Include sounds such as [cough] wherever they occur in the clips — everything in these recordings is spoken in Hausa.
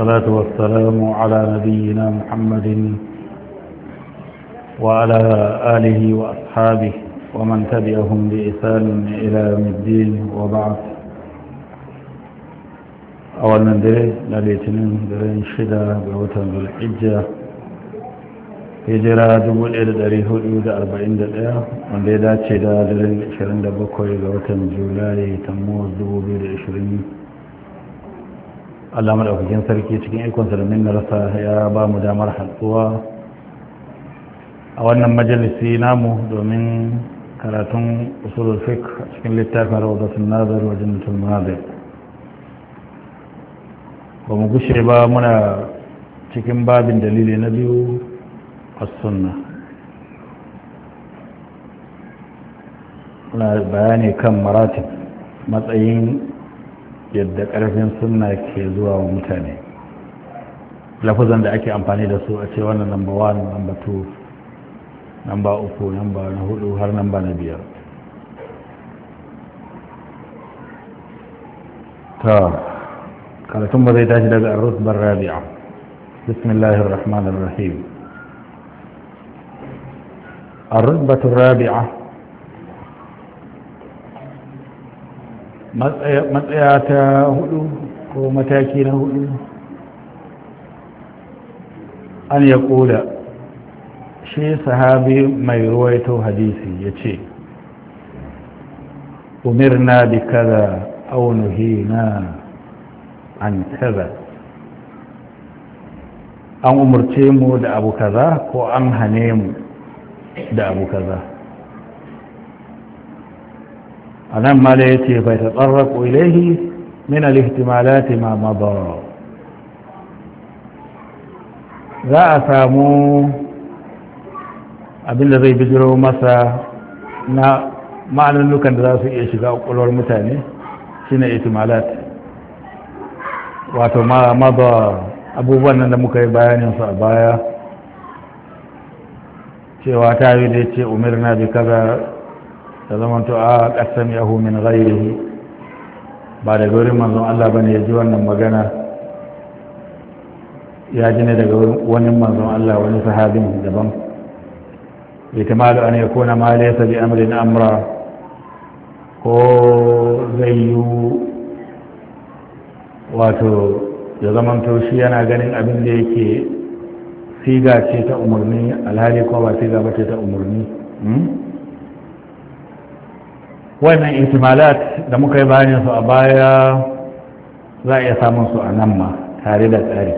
والصلاة والسلام على نبينا محمد وعلى آله وأصحابه ومن تبعهم بإحسان إلى يوم الدين وبعد أول من دري لليتنين درين شدة بوتن ذو الحجة hijira 1441 wanda ya dace da daren 27 ga watan julai tammuz 2020 Allah madaukakin sarki cikin ikonsa da rasa ya ba mu damar hatsuwa a wannan majalisi namu domin karatun usulul fiqh cikin littafin rawdatul nazar wa jannatul munazir ba mu gushe ba muna cikin babin dalili na biyu as sunnah muna bayani kan maratib matsayin yadda ƙarfin sunna ke zuwa wa mutane lafazan da ake amfani da su a ce wannan namba 1 namba 2 namba 3 namba na 4 har namba na biyar ta karatun ba zai tashi daga arusbar rabi'a bismillahir rahmanir rahim الرتبة الرابعة matsaya ta hudu ko mataki na hudu an ya kula shi sahabi mai ruwaito hadisi ya ce umirna bi kada aunuhi na an kada. an umarce mu da abu kaza ko an hane mu da abu kaza a nan mala ya ce bai taɓarraku ilaihi min alihtimalati ma mada za a samu abinda zai bijiro masa na ma'anunukan da za su iya shiga ƙwaƙwalwar mutane shine ihtimalat wato ma abubuwan nan da muka yi bayaninsu a baya cewa ta yi da ce umarna bi kaza ta zamanto a ƙasam yahu min ghairihi ba daga wurin manzon Allah bane ya ji wannan magana ya ji ne daga wani manzon Allah wani sahabin daban wani an yakuna ma laysa bi amrin amra ko zai yi wato ya zamanto shi yana ganin abin da yake siga ce ta umarni alhali kuma ba siga ba ce ta umarni hmm? wannan itimalat da muka yi bayanin a baya za a iya samun su a nan ma tare da tsari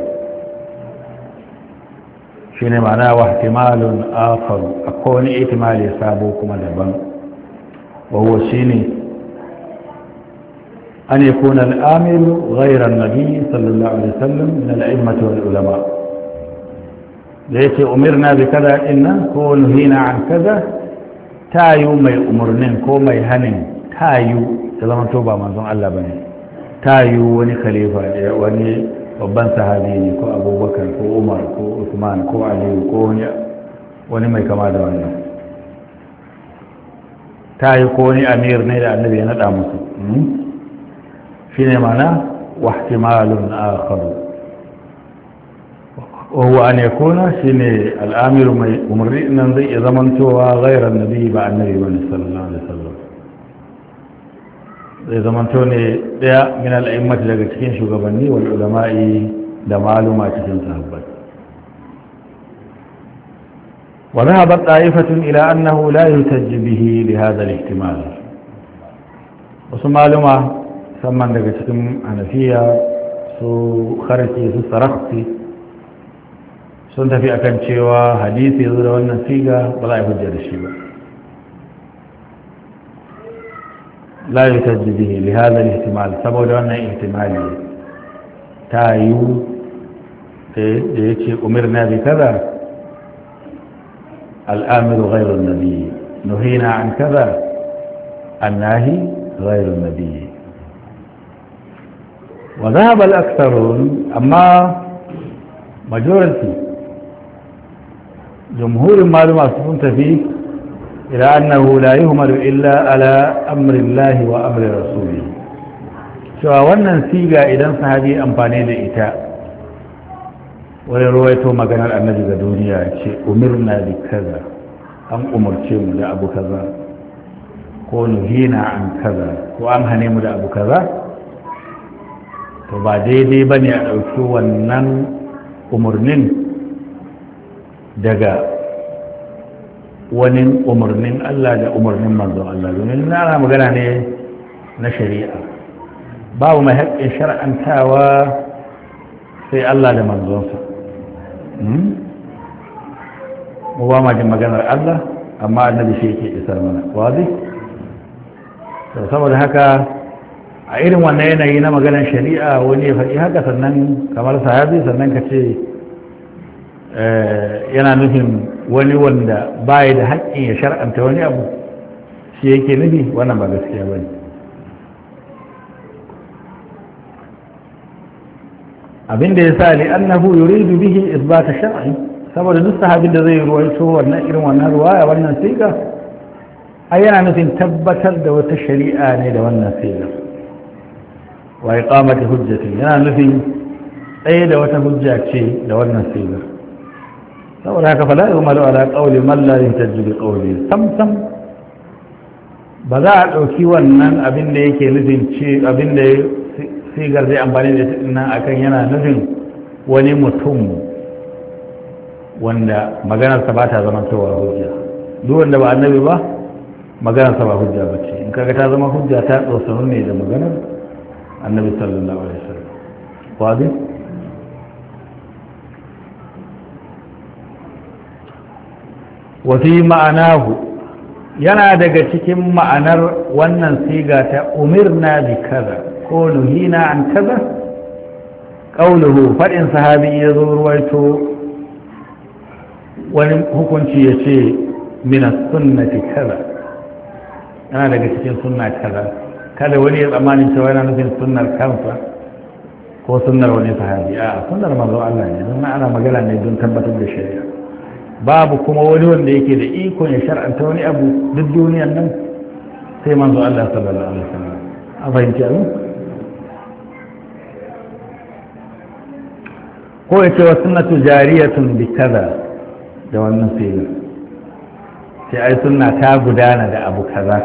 shi ne ma'ana wa ihtimalun Afon akwai wani itimali sabo kuma daban wawo shi ne an yi kuna al'amilu ghairar nabi sallallahu alaihi sallam, na al'immatu wal ulama da yake umirna bi kaza inna ko nuhina an kaza tayu mai umarnin ko mai hanin tayu ta zama to ba manzon Allah ba ne tayu wani khalifa wani babban sahabi ne ko abubakar ko umar ko usman ko aliyu ko wani mai kama da wannan tayu ko wani amir ne da annabi ya nada musu hmm? shi ne mana wahtimalun akharu wa an yakuna shine al'amir mai umri zai iya zamantowa cewa ghairan nabi ba annabi bane sallallahu alaihi wasallam zai zaman to ne daya min al'immat daga cikin shugabanni wal ulama'i da maluma cikin sahabbai wa dhahabat ta'ifatun ila annahu la yutajj bihi li hadha al wasu malama, samman daga cikin anafiya su kharaki su sarakti sun tafi akan cewa hadisi yanzu da wannan siga ba za a yi hujja da shi ba la yi ta jibi lihazar ihtimal saboda wannan ihtimali ta yi da ya ce umar na bi kaza al'amiru ghairun nabi nuhina an kaza annahi ghairun nabi wa zahaba al-aktharun amma majority jamhurin maluma sun tafi ila annahu la yuhmalu illa ala amrillahi wa amri rasuli cewa wannan siga idan sahabi amfani da ita wani ruwaito maganar annabi ga duniya ce umirna bi kaza an umarce mu da abu kaza ko nuhina an kaza ko an hane mu da abu kaza to ba daidai bane a ɗauki wannan umarnin daga wani umarnin Allah da umarnin manzon Allah domin na magana ne na shari'a babu mai haƙƙin shara'antawa, sai Allah da manzonsa hmm? mu ba ma jin maganar Allah amma annabi shi yake isar mana wazi saboda haka a irin wannan yanayi na maganar shari'a wani ya faɗi haka sannan kamar sahabi sannan ka ce Eh, yana nufin wani wanda baya da haƙƙin ya shar'anta wani abu shi yake nufi wannan ba gaskiya ba ne abinda ya sa li annahu yuridu bihi isbata shar'i saboda duk sahabin da zai ruwaito wannan irin wannan ruwaya wannan siga ai yana nufin tabbatar da wata shari'a ne da wannan siga wa iqamati hujjati yana nufin tsaye da wata hujja ce da wannan sigar saboda haka fa yi umaru ala ƙauli mallayin tajjibi ƙauli sam sam ba za a ɗauki wannan abin da yake nufin ce abin da sigar zai amfani da shi nan akan yana nufin wani mutum wanda maganarsa ba ta zama cewa hujja duk wanda ba annabi ba maganarsa ba hujja ba ce in kaga ta zama hujja ta tsosanu ne da maganar annabi sallallahu alaihi wasallam wazin wa fi ma'anahu yana daga cikin ma'anar wannan siga ta umirna bi kaza ko nuhina an kaza qauluhu faɗin sahabi ya zo ruwaito wani hukunci ya ce min sunnati kaza yana daga cikin sunna kaza kada wani ya tsammanin cewa yana nufin sunnar kansa ko sunnar wani sahabi a sunnar manzo Allah ne don ana magana ne don tabbatar da shari'a babu kuma wani wanda yake da iko ya shar'anta wani abu duk duniyar nan sai manzo Allah sallallahu alaihi wasallam a fahimci abin ko ya ce wa sunnatu jariyatun bi kaza da wannan filin sai ai sunna ta gudana da abu kaza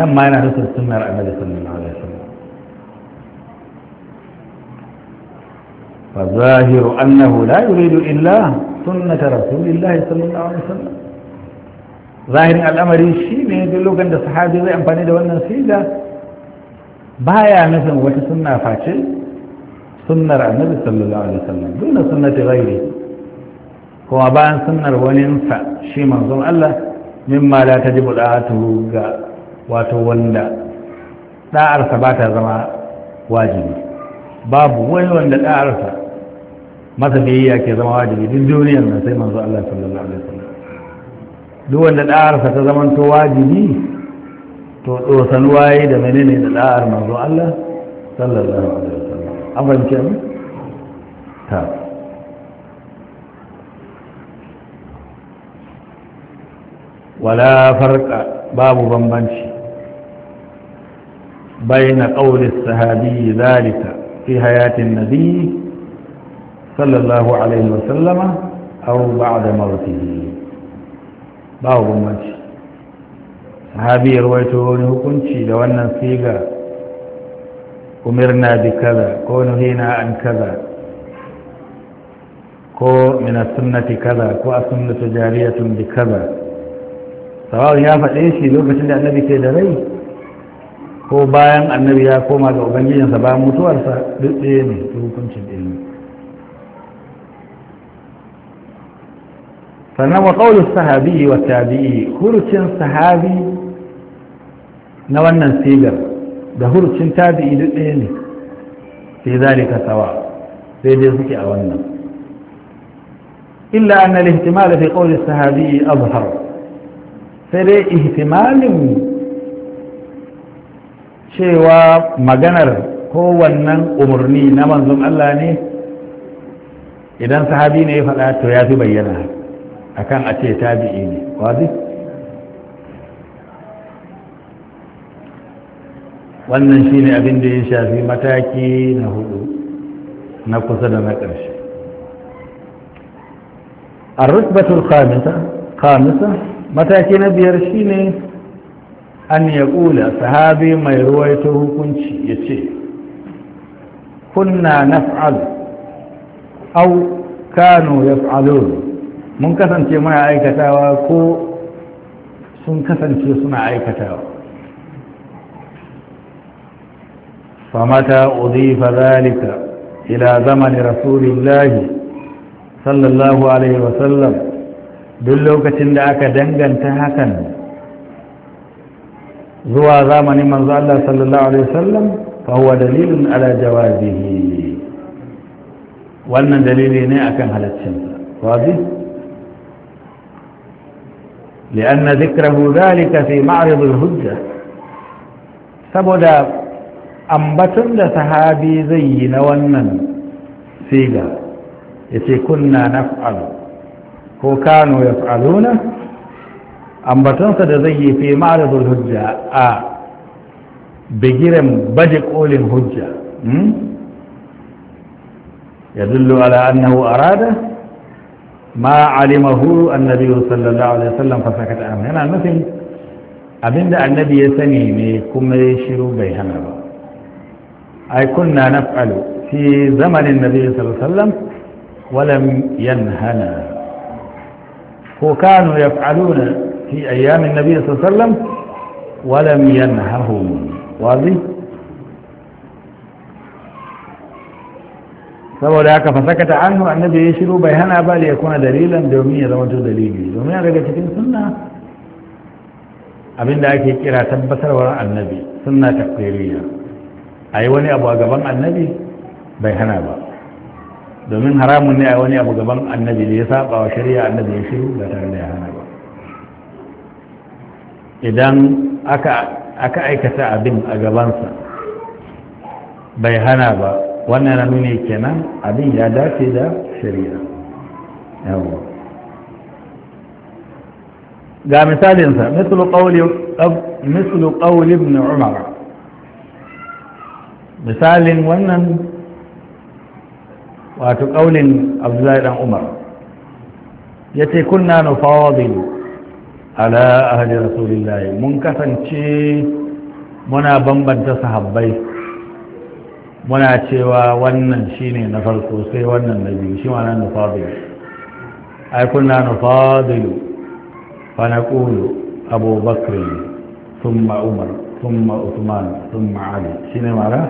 nan ma yana nufin sunnar annabi sallallahu alaihi wasallam فالظاهر أنه لا يريد illa. sunnata rasulillahi sallallahu alaihi wasallam zahirin al'amari shi ne duk lokacin da sahabi zai amfani da wannan siga baya nufin wata sunna face sunnar annabi sallallahu alaihi wasallam dole sunnati ghairi kuma bayan sunnar waninsa shi manzon Allah mimma la tajibu da'atuhu ga wato wanda da'arsa ba ta zama wajibi babu wani wanda da'arsa masa biyayya ke zama wajibi duk duniyar nan sai manzo Allah sallallahu alaihi wasallam duk wanda da'arsa ta zama to wajibi to san waye da menene da da'ar manzo Allah sallallahu alaihi wasallam an fahimce mu ta wala farqa babu bambanci بين قول الصحابي ذلك في حياة النبي sallallahu alaihi wasallama aw ba'da mawtihi babu bambanci sahabi ya rawaito wani hukunci da wannan siga umirna bi kaza ko nuhina an kaza ko min sunnati kaza ko as-sunnatu jariyatun bi kaza sawa'un ya faɗe shi lokacin da annabi ke da rai ko bayan annabi ya koma ga ubangijinsa bayan mutuwarsa duk ɗaya ne hukuncin sannan wa ƙaunar sahabi wa tabi'i hurucin sahabi na wannan sigar da hurucin tabi'i duk ɗaya ne sai zalika sawa sai dai suke a wannan illa an al-ihtimal fi qawli sahabi azhar sai dai ihtimalin cewa maganar kowannan umarni na manzon Allah ne idan sahabi ne ya faɗa to ya fi bayyana akan a ce tabi'i ne wazi wannan shine abin da ya shafi mataki na hudu na kusa da na ƙarshe A الخامسة خامسة mataki na biyar shine an ya kula sahabi mai ruwaito hukunci ya ce kunna naf'al au kano yaf'alun mun kasance muna aikatawa ko sun kasance suna aikatawa فمتى أضيف ذلك إلى زمن رسول الله صلى الله عليه وسلم دلوكة دعك دنجا تهكا زوى زمن من ظل صلى الله عليه وسلم فهو دليل على جوازه وأن دليلين ne هل الشمس واضح؟ لأن ذكره ذلك في معرض الهجة سبدا أنبتن لسهابي زين ونن سيغا يتي كنا نفعل هو كانوا يفعلون أنبتن سدزي في معرض الهجة آ بجرم بجك أول الهجة يدل على أنه أراده ma alimahu annabi sallallahu alaihi wasallam fa sakata an yana nufin abinda annabi ya sani ne kuma ya shiru bai hana ba ai kunna naf'alu fi zamanin nabi sallallahu alaihi wasallam walam yanhana ko kanu yaf'aluna fi ayyamin nabi sallallahu alaihi wasallam walam yanhahum wazi saboda haka fasakata annu annabi ya shiru bai hana ba da ya kuna dalilan domin ya zama dalili domin ya daga cikin sunna abinda ake kira tabbatarwar annabi sunna takfiriya a yi wani abu a gaban annabi bai hana ba domin haramun ne a wani abu gaban annabi da ya saba wa shari'a annabi ya shiru ba tare da ya hana ba idan aka aikata abin a gabansa bai hana ba wannan na nuna kenan abin ya dace da shari'a yawa ga misalinsa mislu qawli ibn umar misalin wannan wato ƙaunin abdullahi dan umar ya ce kunna nufawadil ala ahli rasulillahi mun kasance muna bambanta sahabbai muna cewa wannan shine na farko sai wannan na biyu shi ma nufadilu ai kunna nufadilu fa naqulu abu sun thumma umar thumma uthman thumma ali shine mara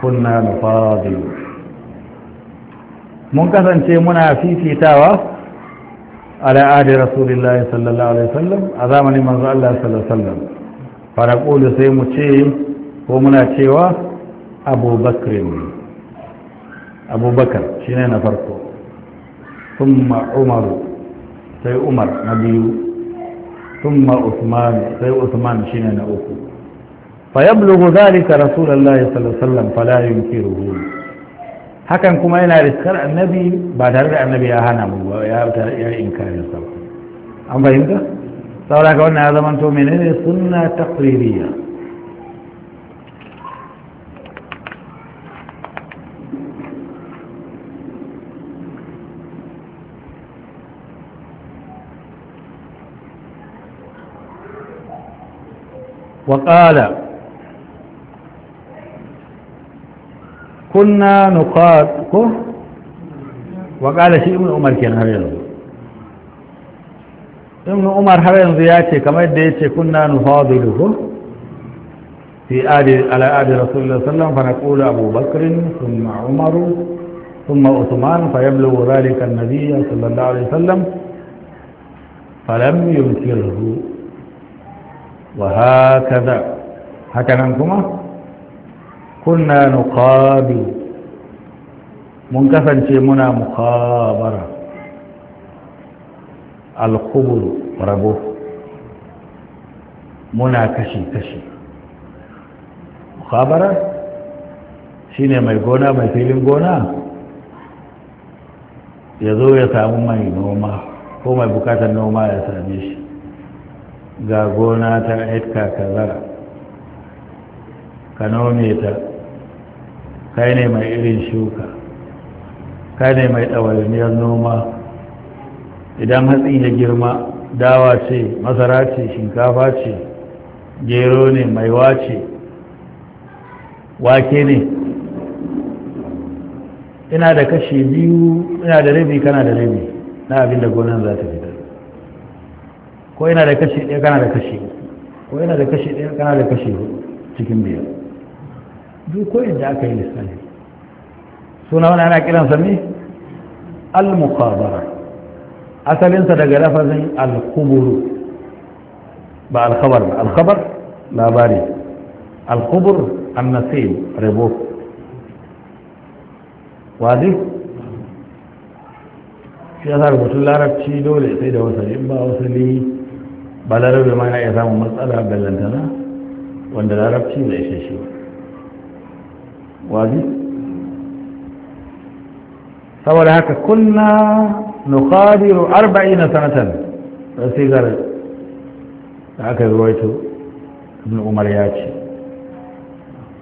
kunna nufadilu mun kasance muna fifitawa على آل رسول الله صلى الله عليه وسلم أذامني من الله صلى الله عليه وسلم فنقول muna cewa. abubakrin abubakar shi ne na farko thumma umaru sai umar na biyu thumma usman sai usman shi ne na uku fayablughu dhalika rasulullahi sallallahu alaihi wasallam fala yunkiruhu hakan kuma yana riskar annabi ba tare da annabi ya hana mu ya ya inkari sa an fahimta saboda ka wannan ya zama to menene sunna taqririya وقال كنا نقاتل وقال شيء ابن عمر كان هر ابن عمر umar har كما ya كنا نفاضله في آل على آل رسول الله صلى الله عليه وسلم فنقول أبو بكر ثم عمر ثم عثمان فيبلغ ذلك النبي صلى الله عليه وسلم فلم ينكره wa hakaza haka nan kuma kunna nuqabil mun kasance muna muqabara alkubul rabo muna kashi-kashi muqabara shine mai gona mai filin gona ya zo ya samu mai noma ko mai bukatar noma ya same shi ga gona ta aika ka zara ka nome ta kai ne mai irin shuka kai ne mai ɗawainiyar noma idan hatsi ya girma dawa ce masara ce shinkafa ce gero ne maiwa ce wake ne ina da kashi biyu ina da rabi kana da rabi na abin da gonan za ta ko yana da kashi ɗaya kana da kashi ko yana da kashi ɗaya kana da kashi cikin biyar duk ko inda aka yi lissafi suna wani ana kiransa sami al-muqabara asalinsa daga lafazin al-kuburu ba al-khabar ba al-khabar labari al-kubur an-nasib rebo wadi shi yasa rubutun larabci dole sai da wasali ba wasali ba larabe ma ya samu matsala ballantana wanda larabci bai ishe wazi saboda haka kunna nukhadiru arba'ina sanatan da sigar da aka ruwaito ibn umar ya ce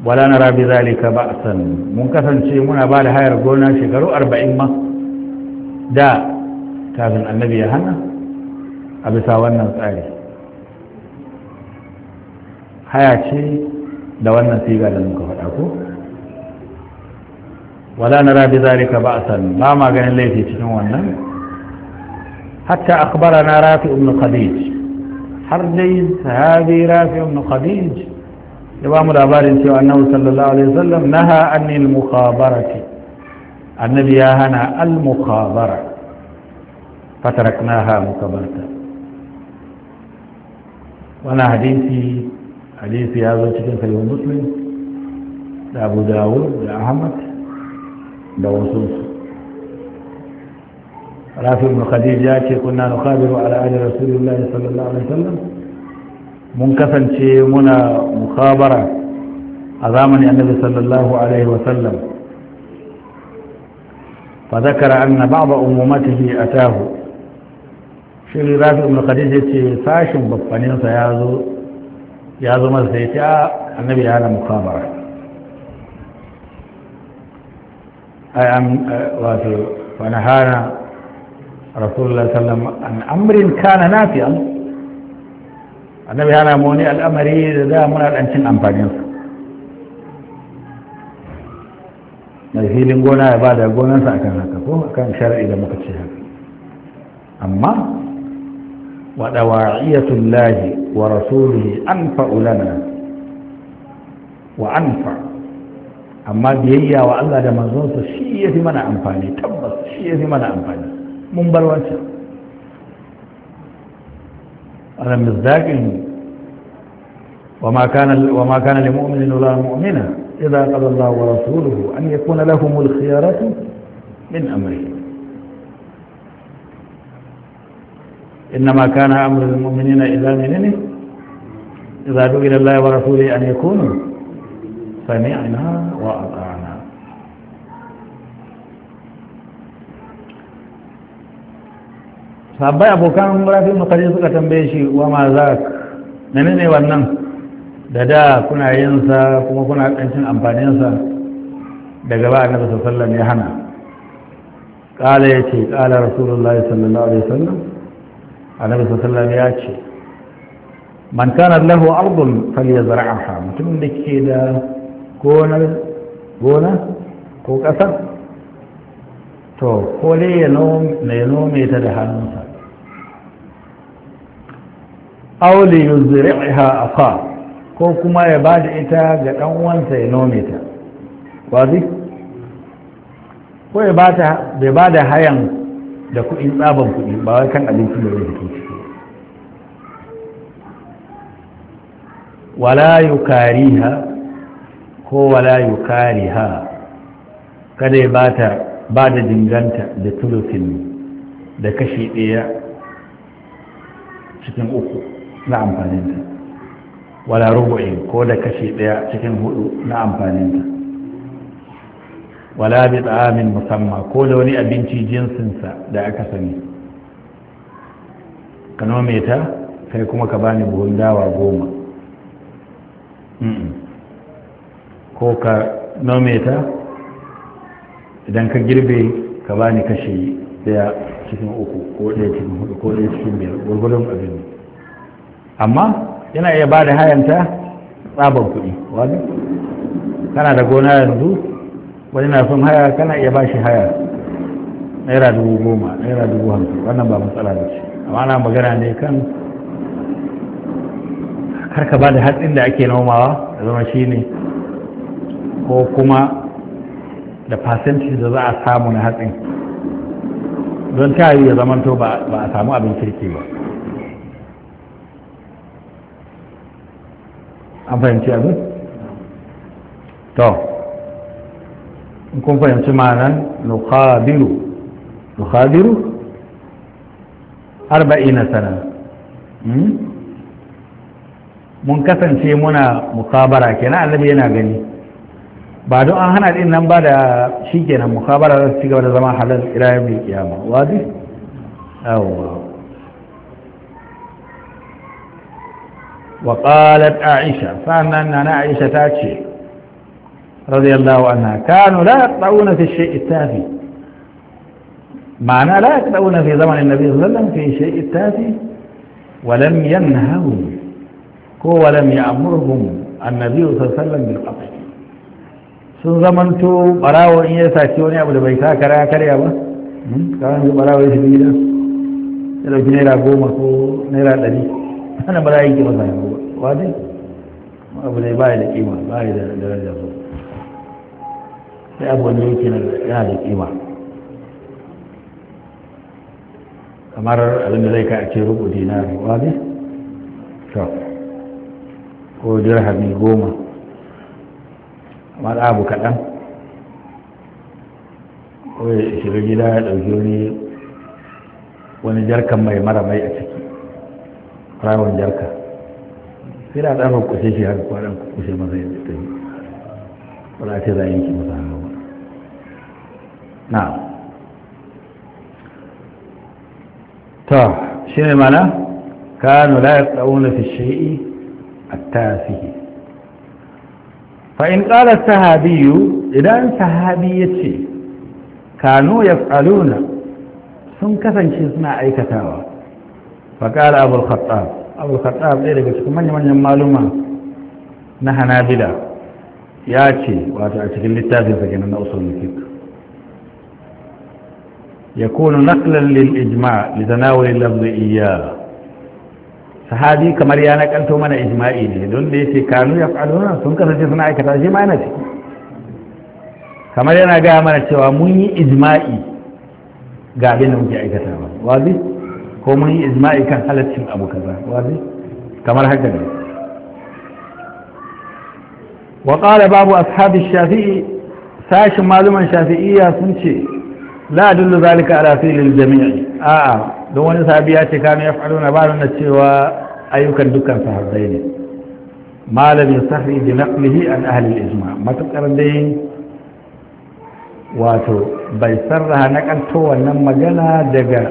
wala nara bi zalika ba'san mun kasance muna ba da hayar gona shekaru arba'in ma da kafin annabi ya hana a bisa wannan tsari haya ce da wannan siga da muka faɗa ko wala na rabi zari ka ba ma ganin laifi cikin wannan hatta na rafi ibn khadij har dai sahabi rafi ibn khadij ya ba mu labarin cewa annabi sallallahu alaihi wasallam naha anil mukhabarati annabi ya hana al mukhabara fataraknaha mukabarta wannan hadisi hadisi ya zo cikin sayo muslim da abu dawud da ahmad da wasu rafi ibn ya ce kunna nuqabiru ala ali rasulillah sallallahu alaihi wasallam mun kasance muna mukhabara a zamanin annabi sallallahu alaihi wasallam fa zakara anna ba'd ummatihi atahu shi rafi ibn khadij ya ce sashin babbaninsa ya zo يا ذو مزيتا النبي هذا مقابرة أي أم أه، ونهانا رسول الله صلى الله عليه وسلم عن أمر كان نافيا النبي هذا موني الأمر إذا منا الأنشن أمبانيوس mai filin gona ya ba da gonansa a kan haka ko kan shari'a da muka ce haka amma ودواعية الله ورسوله أنفع لنا وأنفع أما بيئيا وألا لما زنس من أنفعني تبس شيء من أنفعني من بروانسا أنا مزداق وما كان وما كان لمؤمن ولا مؤمنة إذا قال الله ورسوله أن يكون لهم الخيارة من أمرهم إنما كان أمر المؤمنين إذا منني إذا دعوا إلى الله ورسوله أن يكونوا سمعنا وأطعنا sabbai abokan rafi makare suka tambaye shi wa ma za nane ne wannan da da kuna yin sa kuma kuna kancin amfanin sa daga ba annabi sallallahu alaihi wasallam ya hana qala yace qala rasulullahi sallallahu alaihi wasallam annabi sallallahu ya ce man kana lahu ardun falyazra'aha mutum da ke da gona gona ko kasar to ko dai ya nome ta da hannunsa li yuzri'ha aqa ko kuma ya bada ita ga dan uwansa ya nome ta wazi ko ya bata bai bada hayan da kuɗin tsaban kuɗi ba wai kan abinci da zai fito ciki wala yukariha ko wala yukariha kada ya bata ba da dinganta da tulufin da kashi ɗaya cikin uku na amfaninta wala rubu'in ko da kashi ɗaya cikin hudu na amfaninta wala bi tsamin musamma ko da wani abinci jinsinsa da aka sani ka nome ta kai kuma ka bani buhun dawa goma ko ka nome ta idan ka girbe ka bani kashe daya cikin uku ko daya cikin hudu ko daya cikin biyar gwargwadon abin amma yana iya ba da hayanta tsaban kuɗi wani kana da gona yanzu wani na son haya kana iya bashi haya naira dubu goma naira dubu hamsin wannan ba matsala da shi amma ana magana ne kan har ka ba da hatsin da ake nomawa da zama shi ne ko kuma da fasentis da za a samu na hatsin don ta yi ya zamanto ba a samu abin kirki ba an fahimci abin to kun fahimci ma'anan nukhabiru nukhabiru arba'ina sana hmm? mun kasance muna mukabara kenan annabi yana gani ba don an hana din nan ba da shi kenan mukabara za su ci gaba da zama halal ila yau mai kiyama wazi wa qalat aisha sannan nana aisha ta ce رضي الله عنها كانوا لا يقطعون في الشيء التافه معنى لا يقطعون في زمن النبي صلى الله عليه وسلم في شيء التافه ولم ينهوا ولم يأمرهم النبي صلى الله عليه وسلم بالقطع sun zamanto barawo in ya sace wani abu da bai sa kara karya ba kawai su barawo ya shiga gida ya dauki naira goma ko naira ɗari ana bara yake masa yanzu ba dai abu ne ba ya da kima ba ya da daraja sosai sai abu wanda yake yana da kima kamar abin da zai ka a ce rubu dinari wabi to ko dirhami goma kamar abu kaɗan ko ya shiga gida ya ɗauki wani wani jarkan mai mara mai a ciki rawon jarka sai da ɗan kushe shi har kwaɗan kushe masa ya tsaye wani za a ce za a yanki masa Na’am. ta shi ne mana kanu la yaqawuna fi shay'i a tasihi fa in qala sahabiyyu idan sahabi yace kanu yaf'aluna sun kasance suna aikatawa fa qala abu al-khattab abu al-khattab ɗaya daga cikin manyan manyan maluma na hanabila ya ce wato a cikin littafin sa kenan na usul fiqh يكون نقلا للإجماع لتناول اللفظ إياه sahabi kamar ya nakalto mana ijma'i ne don da yake kanu ya faluna sun kasance suna aikata shi ma yana ciki kamar yana gaya mana cewa mun yi ijma'i ga abin da muke aikata ba wazi ko mun yi ijma'i kan halaccin abu kaza wazi kamar haka ne babu ashabi sashin maluman shafi'iyya sun la dullu zalika ala fi'lil jami'i a'a don wani sahabi ya ce kana ya ba na cewa ayyukan dukkan sahabbai ne malam yasahri bi naqlihi an ahli al-ijma matakar dai wato bai sarraha na kanto wannan magana daga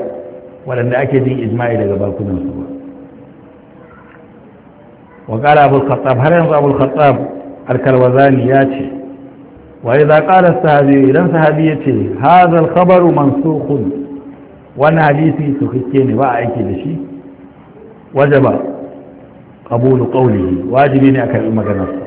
waɗanda ake jin ijma'i daga bakunan su ba wa qala abu khattab har yanzu abu khattab al-kalwazani ya ce وإذا قال الصحابي إذا صحابي يتي هذا الخبر منسوخ وانا حديثي سخيتين وعيك لشي وجب قبول قوله واجبين أكرم مجنسه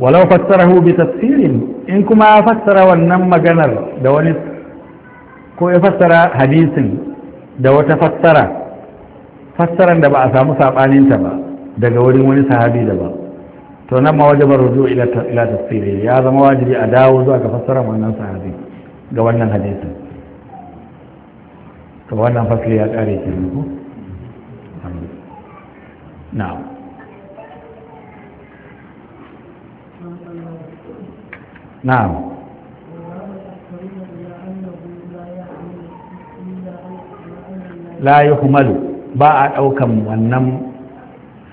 ولو فسره بتفسير إن كما فسر والنم جنر دوني كو يفسر حديث دو تفسر فسر دبا أسامو سابانين تبا دقوري وني صحابي دبا to nan ma wajabar ruju ila ila tafsiri ya zama wajibi a dawo zuwa ga fassara wannan sahabi ga wannan hadisi to wannan fasli ya kare ki ko na'am na'am la yuhmalu ba a daukan wannan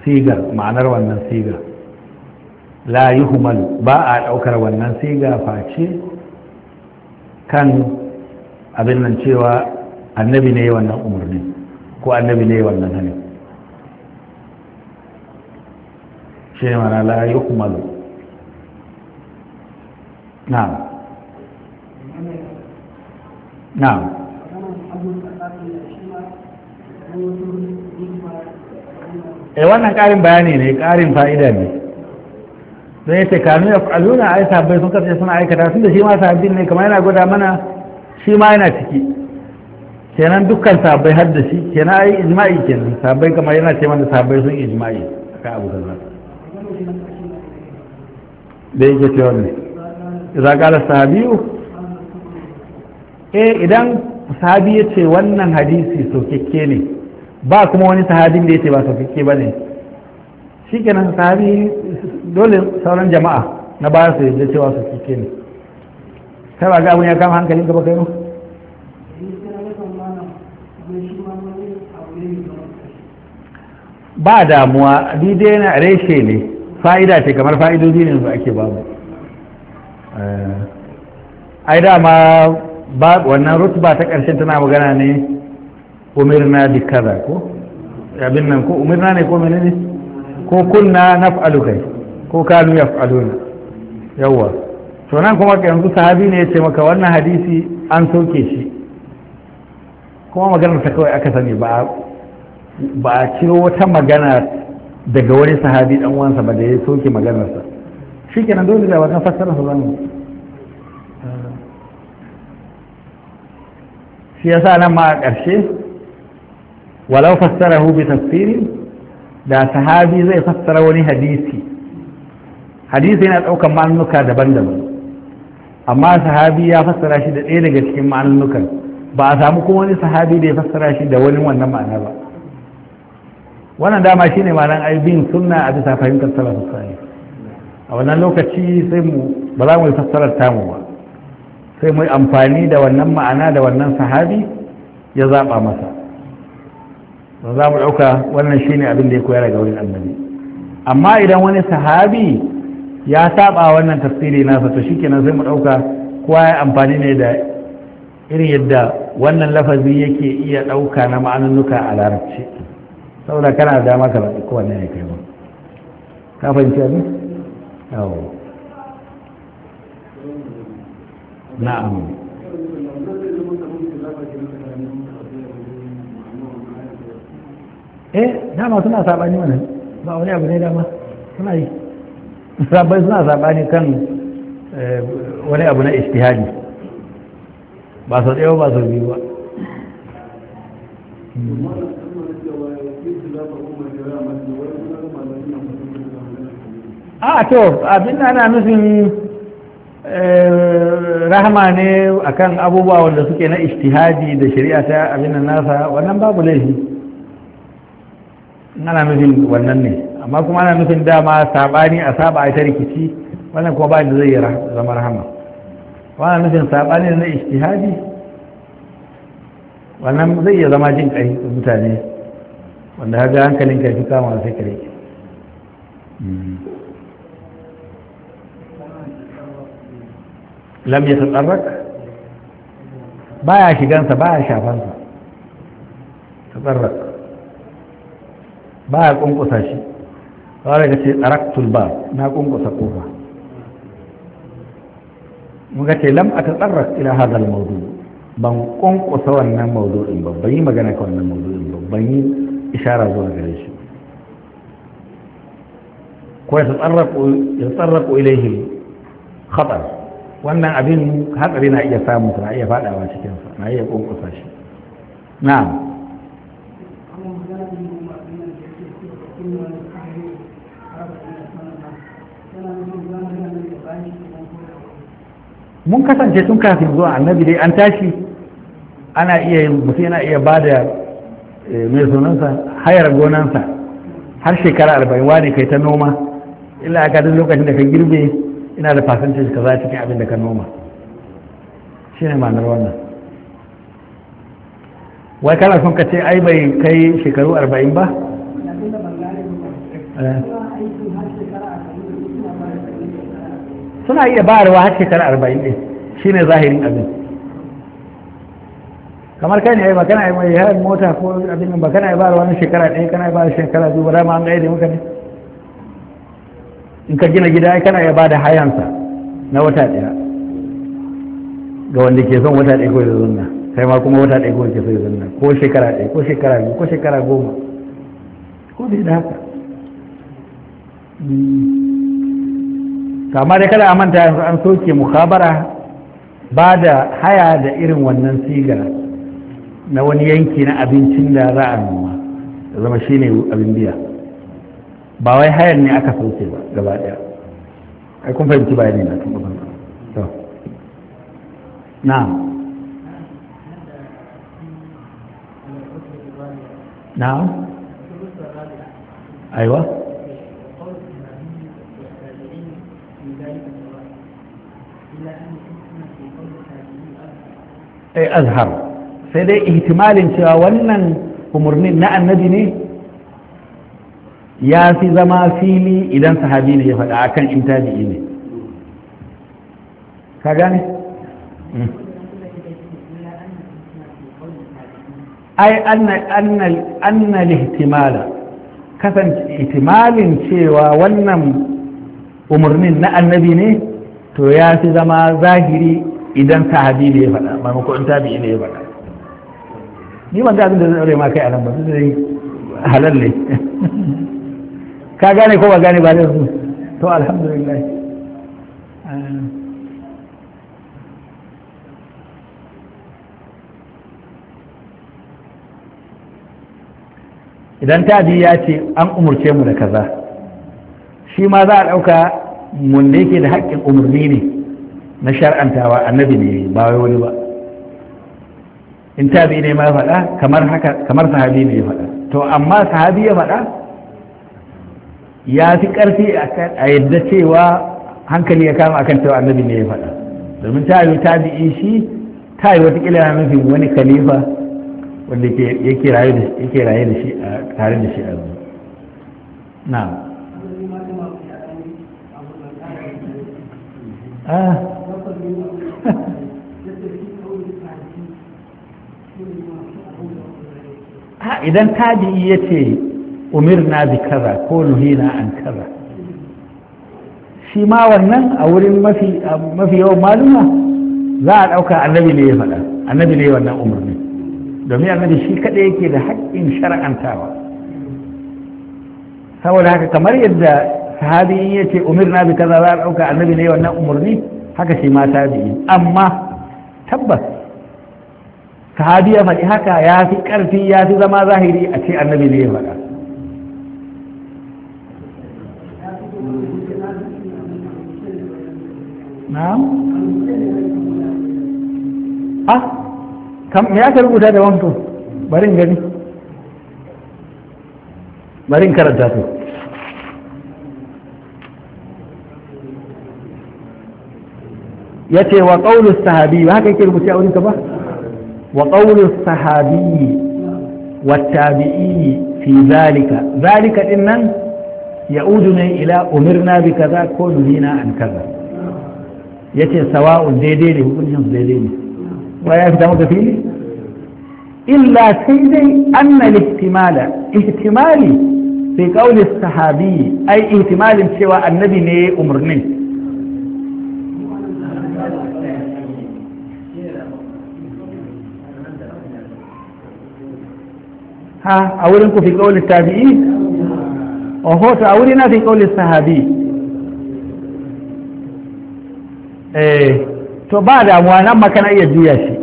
sigar ma'anar wannan sigar la humal ba a daukar wannan sai ga face kan abin nan cewa annabi ne wannan umarni ko annabi ne wannan hannun shi ne mana la yuhmalu na na eh wannan ƙarin bayani ne ƙarin fa'ida ne Sai ce kanu ya fa'aluna ai sabbai sun kasance suna aikata tun da shi ma sahabin ne kamar yana gwada mana shi ma yana ciki kenan dukkan sabbai har da shi kenan ai ijma'i kenan sabbai kamar yana ce mana sabbai sun ijma'i akan abu kaza da yake za ne idan qala sahabiyu eh idan sahabi ya ce wannan hadisi sokekke ne ba kuma wani sahabin da ya ce ba sokekke ba ne shi kenan sahabi dole sauran jama'a na bayan su yadda cewa su cike ne kai ba ga abin ya kama hankalin ka ba kai ba damuwa dai na reshe ne fa'ida ce kamar fa'idodi ne su ake babu eh, ai dama ba wannan rutuba ta ƙarshen tana magana ne umirna bi kaza ko abin nan ko umirna ne ko menene ko kunna naf'alu kai ko kanu ya fa'aluna yawwa to nan kuma yanzu sahabi ne ya ce maka wannan hadisi an soke shi kuma magana ta kawai aka sani ba a ciro wata magana daga wani sahabi dan uwansa ba da ya soke maganarsa shi kenan dole da wajen fassara su zan shi sa nan ma a ƙarshe walau hu bi tafsiri da sahabi zai fassara wani hadisi hadisi yana ɗaukar ma'anunuka daban-daban amma sahabi ya fassara shi da ɗaya daga cikin ma'anunukan ba a samu kuma wani sahabi da ya fassara shi da wani wannan ma'ana ba wannan dama shine ma'anan aibin sunna a bisa fahimtar salafus salih a wannan lokaci sai mu ba za mu yi fassarar tamu ba sai mu yi amfani da wannan ma'ana da wannan sahabi ya zaɓa masa Ba za mu ɗauka wannan shine abin da ya koya daga wurin annabi amma idan wani sahabi ya saba wannan tafsiri nasa to shikenan sai mu dauka kowa ya amfani ne da irin yadda wannan lafazi yake iya dauka na ma'anannuka a larabci saboda kana da dama ka ko wanne ne kai ba ka fahimci abin yawo na'am eh dama suna sabani wannan ba wani abu ne dama suna yi sabai suna zaɓani kan eh, wani abu na ishtihadi ba su tsaye ba su biyu ba hmm. a ah, to abin da ana nufin eh, rahama ne akan abubuwa wanda suke na ishtihadi da shari'a ta abin da nasa wannan babu laifi ana nufin wannan ne amma kuma ana nufin dama sabani a saba a ta rikici wannan kuma ba da zai zama rahama wannan nufin sabani na ijtihadi wannan zai iya zama jin kai mutane wanda haga hankalin ka fi kama sai kare lam ya tsarrak baya shigansa baya shafansa tsarrak baya kunkusa shi kawai ga ce tsaraktul ba na ƙofa kofa ga ce lam a tsarrak ila hadal maudu ban kunkusa wannan maudu ɗin ba ban yi magana ka wannan ɗin ba ban yi ishara zuwa gare shi ko ya tsarraku ilaihi khatar wannan abin hatsari na iya samun na iya fadawa cikinsa na iya kunkusa shi na'am mun kasance tun kafin zuwa annabi dai an tashi ana iya mutum yana iya ba da eh, mai sunansa hayar gonansa har shekara arba'in wani kai ta noma illa aka duk lokacin da ka girbe ina da fasanci ka za cikin abin da ka noma shi ne ma'anar wannan wai kana son ka ce ai bai kai shekaru arba'in ba eh. suna iya bayarwa har shekara arba'in ɗin shi ne zahirin abin kamar kai ne ai ba kana yi mai yaran mota ko abin ba kana yi bayarwa na shekara ɗaya kana yi bayarwa shekara biyu ba dama an da muka ne in ka gina gida ai kana iya da hayansa na wata ɗaya ga wanda ke son wata ɗaya ko ya zunna kai ma kuma wata ɗaya ko ya son ya zunna ko shekara ɗaya ko shekara biyu ko shekara goma ko dai da haka hmm. kama da kada a manta yanzu an soke mukhabara ba da haya da irin wannan siga na wani yanki na abincin da za a noma da zama shi ne abin biya ba wai hayan ne aka soke ba gaba daya ai kun fahimci ne na tun babban na na aiwa azhar sai dai ihtimalin cewa wannan umarnin na annabi ne ya fi zama fili idan sahabi ne ya faɗa akan in tabi'i ne ka gane ai annal ihtimala kasance ihtimalin cewa wannan umarnin na annabi ne to ya fi zama zahiri idan hadi ne ya faɗa maimakon in tabi'i ne ya faɗa ni ban ga abin da zan aure ma kai a nan ba su halal ne [laughs] ka gane ko ba gane ba ne, su to alhamdulillah idan tabi ya ce an umurce mu da kaza shi ma za a ɗauka mun da yake da haƙƙin umarni ne na shar'antawa annabi ne ba wai wani ba in tabi ne ma ya faɗa kamar haka kamar sahabi ne ya faɗa to amma sahabi ya faɗa ya fi ƙarfi a yadda cewa hankali ya kama akan cewa annabi ne ya faɗa domin ta yi tabi'i shi ta yi watakila na nufin wani khalifa wanda yake raye da shi a tare da shi a yanzu na'am ah. ha idan tabi'i ya ce umirna bi kaza ko nuhina an kaza shi ma wannan a wurin mafi yawan maluma za a ɗauka annabi ne ya faɗa annabi ne wannan umarni domin annabi shi kaɗai yake da haƙƙin shar'antawa saboda haka kamar yadda sahabi in ya ce umirna bi kaza za a ɗauka annabi ne wannan umarni haka shi ma tabi'i amma tabbas sahabi ya faɗi haka ya fi ƙarfi ya fi zama zahiri a ce annabi zai faɗa na'am ah kam ya ka rubuta da wanto bari gani bari karanta to yace wa qaulu sahabi haka yake rubuce a wurin ka ba wa qaulu sahabi wa tabi'i fi zalika zalika din nan ne ila umirna bi kaza ko nuhina an kaza yace sawa'un daidai ne hukuncin daidai ne wa ya fita muka fili illa sai إلا سيدي أن الاحتمال احتمالي في قول sahabi أي ihtimalin cewa annabi ne umurnin a wurin ku fi kaulin tabi'i oho to a na fi kaulin sahabi eh to ba damuwa nan makana iya juya shi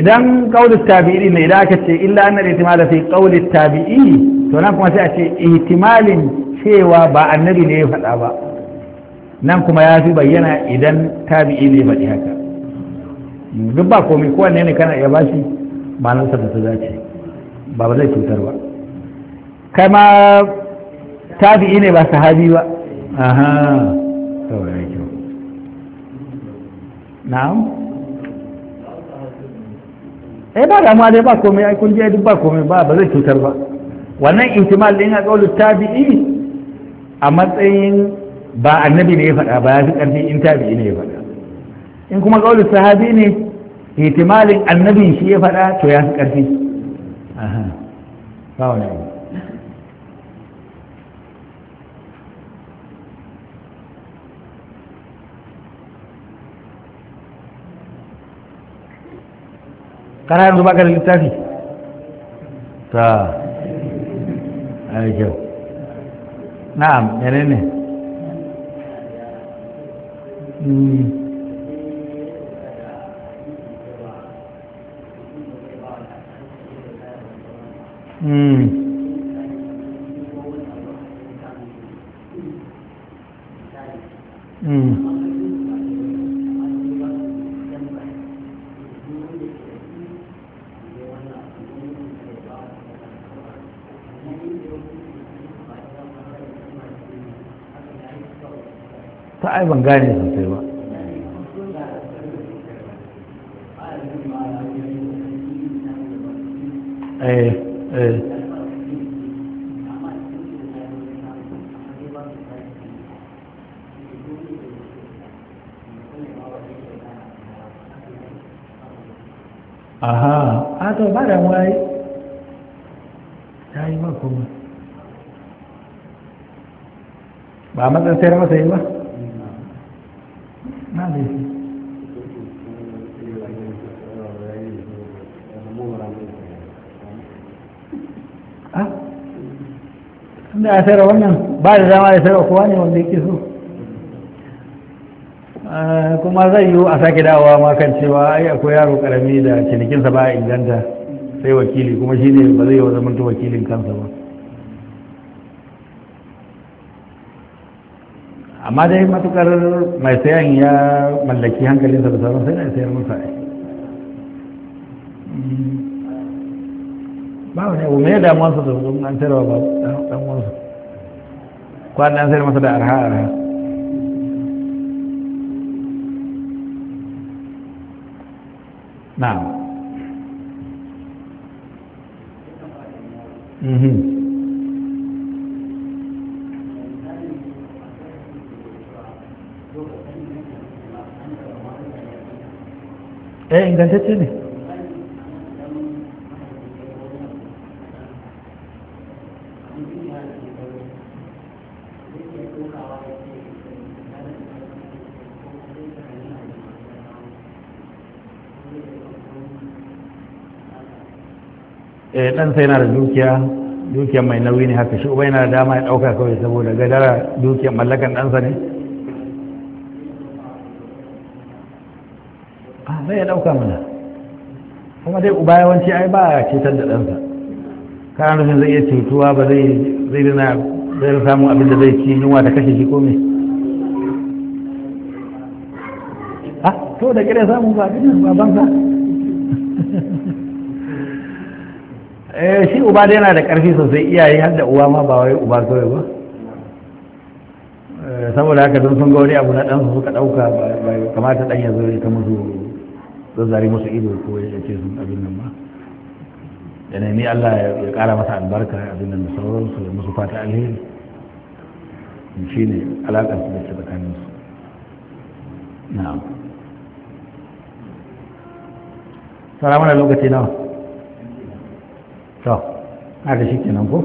idan kaulin tabi'i ne idan aka ce illa annal ihtimala fi kaulin tabi'i to nan kuma sai a ce ihtimalin cewa ba annabi ne ya faɗa ba nan kuma ya fi bayyana idan tabi'i ne faɗi haka duk ba komai kowanne ne kana iya bashi ma'anarsa da ta dace ba ba zai cutar ba kama tabi'i ne ba sahabi ba aha saboda kyau na'am eh ba damuwa dai ba komai ai kun je duk ba komai ba ba zai cutar ba wannan ihtimal din a kaulu tabi'i a matsayin ba annabi ne ya faɗa ba ya fi ƙarfi in tabi'i ne ya faɗa in kuma kaulu sahabi ne ihtimalin annabin shi ya faɗa to ya fi ƙarfi ba wani kana yanzu baka da littafi ta ayyau na'am yanayi ne hmm. Hmm. Hmm. ta ai ban gane masa yi ba na ah? ya wannan ba da dama ya kowa ne wanda yake so ah, kuma zai yiwu a sake dawowa makan cewa ai akwai yaro karami da cinikinsa ba a inganta sai wakili kuma shi ne ba zai yi wa zamanta wakilin kansa ba amma dai matukar mai sayan ya mallaki hankalinsa da sauran sai ya sayar masa ba wani abu mai damuwarsa da zuwa an sayarwa ba dan wasu kwanan an sayar masa da arha arha na'am mm-hmm eh ingantacce ne dan eh, sai na da dukiya dukiya mai nauyi ne haka shi uba yana da dama ya ɗauka kawai saboda gadara dukiyar mallakan ɗansa ne zai ah, ya ɗauka mana kuma dai uba yawanci ai ba a cetar da ɗansa kana nufin zai iya cutuwa ba zai zai rina zai samun abin da zai ci yunwa ta kashe shi komai ah to da kire samu ba gidan sa [laughs] eh shi uba dai yana da ƙarfi sosai iyaye har da uwa ma ba wai uba kawai ba eh, saboda haka don sun ga wani abu na ɗansu suka ɗauka kamata ɗan ya zo ya ta musu zazzare musu ido ko ya ce sun abin nan ba da ni Allah ya kara masa albarka abin nan da sauransu da musu fata alheri shi ne alaƙar su da ke tsakanin su na sara mana lokaci nawa to haka shi kenan ko